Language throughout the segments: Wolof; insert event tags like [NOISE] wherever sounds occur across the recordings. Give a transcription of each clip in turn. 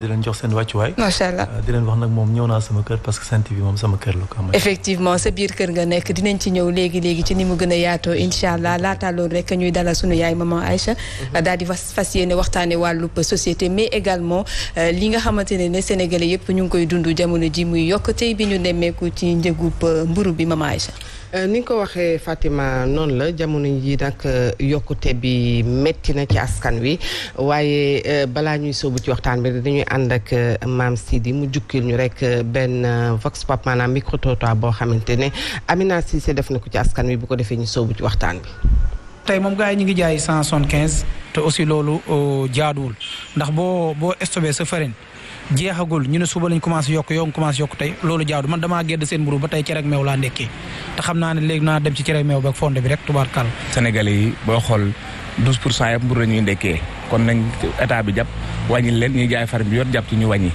di leen jox seen wàccuwaay. macha allah euh, di leen wax nag moom ñëw naa sama kër parce que Sen TV moom sama kër la ko am. effectivement sa biir kër nga nekk dinañ ci ñëw léegi léegi ci ni mu gën a yaatoo incha allah laata loolu rek ñuy dalal sunu yaay maman Aïcha. Mhm. daal di fas yéene waxtaanee wàllu société mais également euh, li nga xamante ne ne Sénégalais yëpp ñu ngi koy dund jamono ji muy yokkute bi ñu nemmeeku ci njëgub euh, mburu bi ma Aïcha. Euh, ni nga ko waxee fatiment noonu la jamono ji nag euh, yokkute bi metti na ci askan wi waaye euh, balaa ñuy sóobu ci waxtaan bi dañuy ànd ak maam di mu jukkil ñu rek benn vox pop maanaam micro trottoir boo xamante ne Amina Cissé def na ko ci askan wi bu ko defee ñu sóobu ci waxtaan bi. tey moom gars yi ñu ngi jaay cent soixante quinze te aussi loolu jaaduwul ndax boo boo stocké sa farine. jeexagul ñu ne suba lañ commencé yokk yoo nga commencé yokk tey loolu jaadu man damaa gedd seen mburu ba tey cere ak meew laa ndekkee te xam naa ne léegi naa dem ci cere ak meew ba ak fonde bi rek tubaarkàll. Sénégalais yi boo xool 12 pour cent yëpp mburu la ñuy kon nañ état bi jàpp wàññi leen ñuy jaay far bi yor jàpp ci ñu wàññi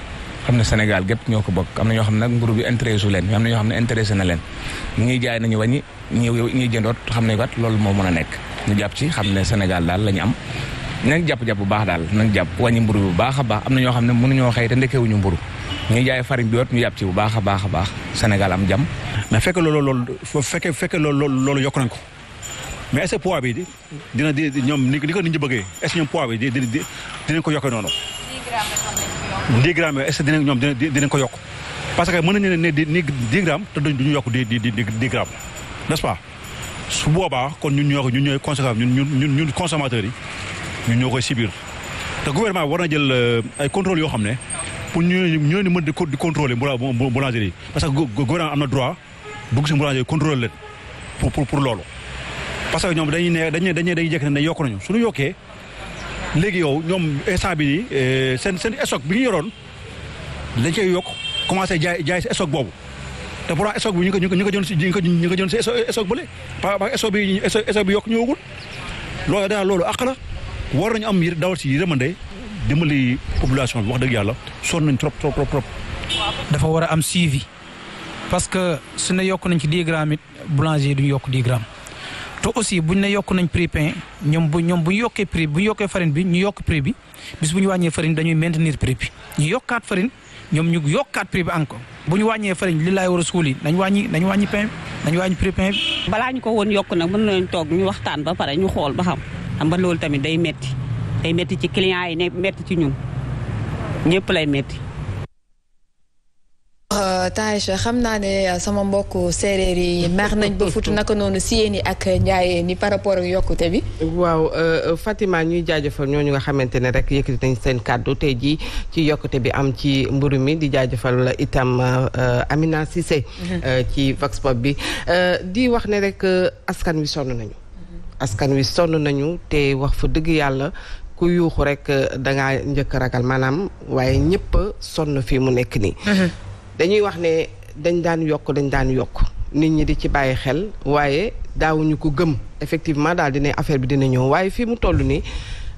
xam ne Sénégal gépp ñoo ko bokk am na ñoo xam ne nag mburu bi intéressé leen am na ñoo xam ne intéressé na leen ñuy jaay nañu wàññi ñuy jëndoot xam ne kat loolu moo mën a nekk ñu jàpp ci xam ne Sénégal daal la ñu am nañ jàpp-jàpp bu baax daal nañ jàpp wàññi mburu bu baax a baax am na ñoo xam ne mënuñoo xëy te ndekkeewuñu mburu ñuy jaay farine bi wot ñu yàpp ci a a baax Sénégal am jàmm mais fekk fekke fekke loolu loolu yokk nañ ko mais est-ce que poids bi dina di ni ko ñi bëggee est-ce que ñoom poids bi dinañ ko yokkee noonu 10 grammes est-ce que dinañ ñoom ko yokk parce que mën nañu ne ni di grammes te duñu yokk di di 10 grammes n'est-ce su boobaa kon ñun ñoo ñun ñooy conséquence ñun ñun ñun consommateurs yi ñu ñoo koy subir te gouvernement war na jël euh, ay contrôle yoo xam ne pour ñu ñoo ni mën di contrôler boulangerie parce que gouvernement am na droit dugg si boulangerie contrôler leen pour pour pour loolu. parce que ñoom dañuy ne dañuy dañuy dañuy jekk ne yokk nañu suñu yokkee léegi yow ñoom instant bi nii euh, seen seen stock bi ñu yoroon dañ koy yokk commencé jaay jaay si boobu. te pourtant stock bi ñu ko ñu ko ñu ko ko ñu ko jënd si stock bële par rapport loolu daal loolu àq war nañ am yë dawal si yërmande dimbali population bi wax dëgg yàlla sonn nañ trop trop trop trop. dafa war a am suivi parce que su yokk nañ ci 10 grammes it boulanger yokk 10 te aussi buñ ne yokk nañ prix pain ñoom bu ñoom buñ yokkee prix buñ yokkee farine bi ñu yokk prix bi bis bu ñu wàññee farine dañuy maintenir prix bi ñu yokkaat farin ñoom ñu yokkaat prix bi encore bu ñu wàññee farine li laay war a suul yi nañ wàññi nañ wàññi pain bi nañ wàññi prix pain balaa ñu ko woon yokk nag mën nañ toog ñu waxtaan ba pare ñu xool ba xam. xam ba loolu tamit day metti day metti ci client yi ne metti ci ñun ñëpp lay metti euh, Taïcha xam naa ne euh, sama mbokk séeréer yi mer nañ ba fut naka noonu siyeen yi ak njaaye yi par rapport ak yokkute bi waaw euh, Fatima ñuy jaajëfal ñooñu nga xamante ne rek yëkkati dañ seen kàddu te jii ci yokkute bi am ci mburu mi di jaajëfal itam Amina Cissé mhm. ci Vox Pop bi di wax ne rek askan wi sonn nañu askan wi sonn nañu te wax fa dëgg yàlla ku yuuxu rek euh, danga njëkk ragal maanaam waaye ñëpp sonn fii mu nekk nii. Mhm. dañuy wax ne dañ daan yokk dañ daan yokk nit ñi di ci bàyyi xel waaye daawuñu ko gëm effectivement daal ne affaire bi dina ñëw waaye fii mu toll nii.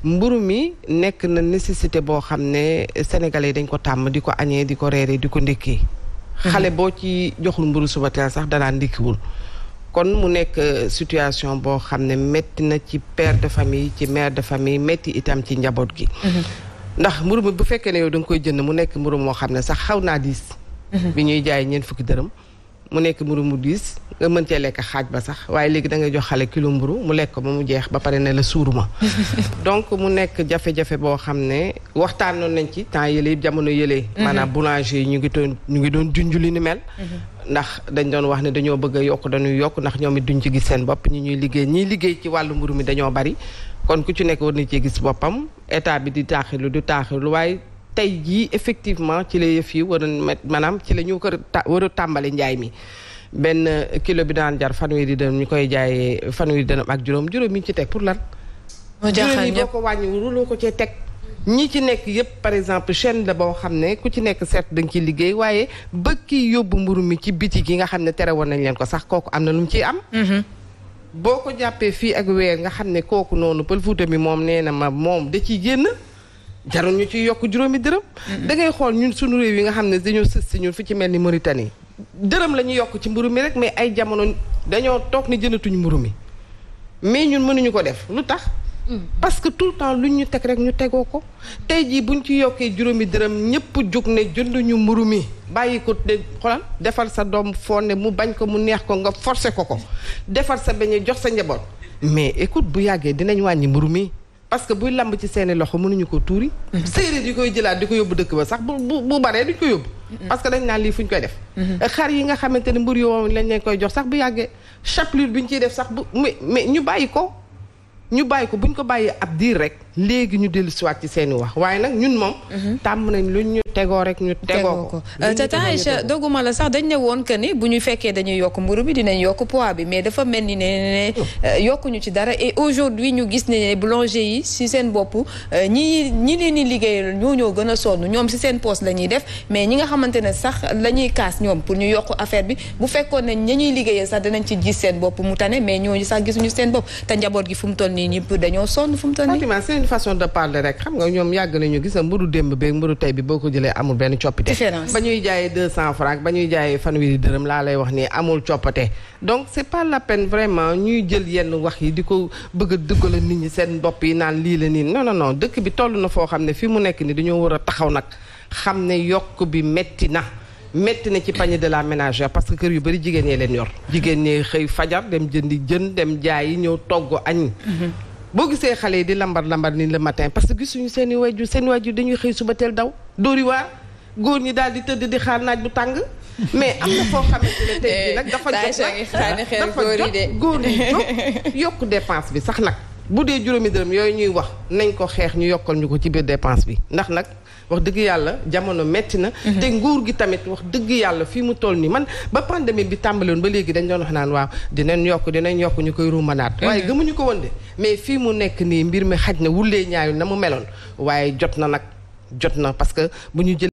mburu mi nekk na nécessité boo xam ne sénégalais dañ ko tàmm di ko añee di ko reeree di ko ndékkee. Mhm. xale boo ci joxul mburu suba teel sax danaa ndékkiwul kon mu nekk euh, situation boo xam ne métti na ci père de famille ci mère de famille métti itam ci njaboot gi. Mhm. ndax mburu mi bu fekkee ne yow da nga koy jënd mu nekk mburu moo xam ne sax xaw naa diis. Mhm. bi ñuy jaay ñeent fukki dërëm. mu nekk mburu mu diis nga mën cee lekk xaaj ba sax waaye léegi da jox xale kilo mburu mu lekk ba mu jeex ba pare ne la suuruma [LAUGHS] donc mu nekk jafe-jafe boo xam ne waxtaanoon nañ ci temps yële yëpp jamono yële. Mhm. maanaam boulanger yi ñu ngi doon ñu ngi doon junj li ni mel. Mhm. ndax dañ doon wax ne dañoo bëgg yokk dañuy yokk ndax ñoom it duñ ci gis seen bopp ñi ñuy liggéey ñiy liggéey ci wàllu mburu mi dañoo bari kon ku ci nekk war na cee gis boppam état bi di taaxilu du taaxilu tey jii effectivement ci la yëf yi war a maanaam ci la ñu ko war tàmbali njaay mi benn kilo bi daan jar fanweeri dërëm ñu koy jaayee fanweeri dërëm ak juróom juróom yi ci teg pour lan. moo yi ñëpp boo ko wàññiwul loo ko cee teg. ñi ci nekk yëpp par exemple chaine da boo xam ne ku ci nekk seet da nga ciy liggéey waaye ba ki yóbbu mburu mi ci biti gi nga xam ne tere woon nañ leen ko sax kooku am na lu mu ciy am. Mm-hmm. boo ko jàppee fii ak weer nga xam ne kooku noonu pël fuuta mi moom nee na ma moom da ciy génn. jarul ñu ciy yokk juróomi dërëm. dangay xool ñun suñu réew yi nga xam ne dañoo sës si ñun fu ci mel ni Mauritanie. dërëm la ñuy yokk ci mburu mi rek mais ay jamono dañoo toog ni jëndatuñu mburu mi mais ñun mënuñu ko def lu tax. parce que tout le temps luñ ñu teg rek ñu tegoo ko. tey jii buñ ci yokkee juróomi dërëm ñëpp jug ne jënduñu mburu mi bàyyi ko de xoolal defal sa doom fonde mu bañ ko mu neex ko nga forcé ko ko defal sa beñe jox sa njaboot mais écoute bu yàggee dinañu wàññi mburu mi. parce que buy lamb ci seeni loxo mënuñu ko tuuri. Mhm. séeréer yi koy jëlaat di ko yóbbu dëkk ba sax bu bu bu baree duñ ko yóbbu. Mhm. parce que dañ naan lii fuñ koy def. Mhm. xar yi nga xamante ne mbir yoo lañ leen koy jox sax bu yàggee chapelure bi ñu ciy def sax bu mais mais ñu bàyyi ko ñu bàyyi ko bu buñ ko bàyyi ab diir rek. léegi ñu dellu siwaat ci seen i wax waaye nag ñun moom mhm. tàmm nañ lu ñu tegoo rek ñu tegoo ko euh, tata Aïcha doguma la sax dañ ne woon que ni bu ñu fekkee dañuy yokk mburu bi dinañ yokk poids bi mais dafa mel ni ne ne oh. euh, yokkuñu ci dara et aujourd'hui ñu gis ne boulanger yi si seen bopp euh, ñi ñi leen di liggéeyal ñoo ñoo gën a sonn ñoom si seen poste la def mais ñi nga xamante ne sax la ñuy kaas ñoom pour ñu yokk affaire bi bu fekkoon ne ña ñuy liggéeyal sax danañ ci gis seen bopp mu tane mais ñooñu sax gisuñu seen bopp te njaboot gi fu mu toll nii ñëpp dañoo benn façon de parler rek xam nga ñoom yàgg nañu gis na mburu démb beeg mburu tey bi boo ko jëlee amul benn coppite ba ñuy jaayee deux cent francs ba ñuy jaayee fanweeri dërëm laa lay wax nii amul coppite donc c'est par la peine vraiment ñuy jël yenn wax yi di ko bëgg a dëggala nit ñi seen bopp yi naan lii la nii non non non dëkk bi toll na foo xam ne fii mu nekk ni dañoo war a taxaw nag xam ne yokk bi metti na metti ne ci panier de la ménagère parce que kër yu bari jigéen ñee leen yor jigéen ñee xëy fajar dem jëndi jën dem jaayi ñëw togg añ mm-hmm. boo gisee xale yi di lambar lambar ni le matin parce que gisuñu seeni i waajur seen i waajur dañuy xëy suba teel daw dóori waar góor ñi daal di tëdd di xaar naaj bu tàng mais am na foo xamante ne tey jii dafa jot nag dafa jot eh, góor ñi jóg yokk dépense bi sax nag bu dee juróomi dërëm yooyu ñuy wax nañ ko xeex ñu yokkal ñu ko ci biir dépense bi ndax nag wax dëgg yàlla jamono metti na mhm. te nguur gi tamit wax dëgg yàlla fii mu toll nii man ba pandémie bi tàmbaloon ba léegi dañ doon wax naan waaw dinañ yokk dinañ yokk ñu koy ruumanaat mhm. waaye ñu ko woon de mais fii mu nekk nii mbir mi xaj na wulee ñaayu na mu meloon waaye jot na nag jot na parce bu ñu jël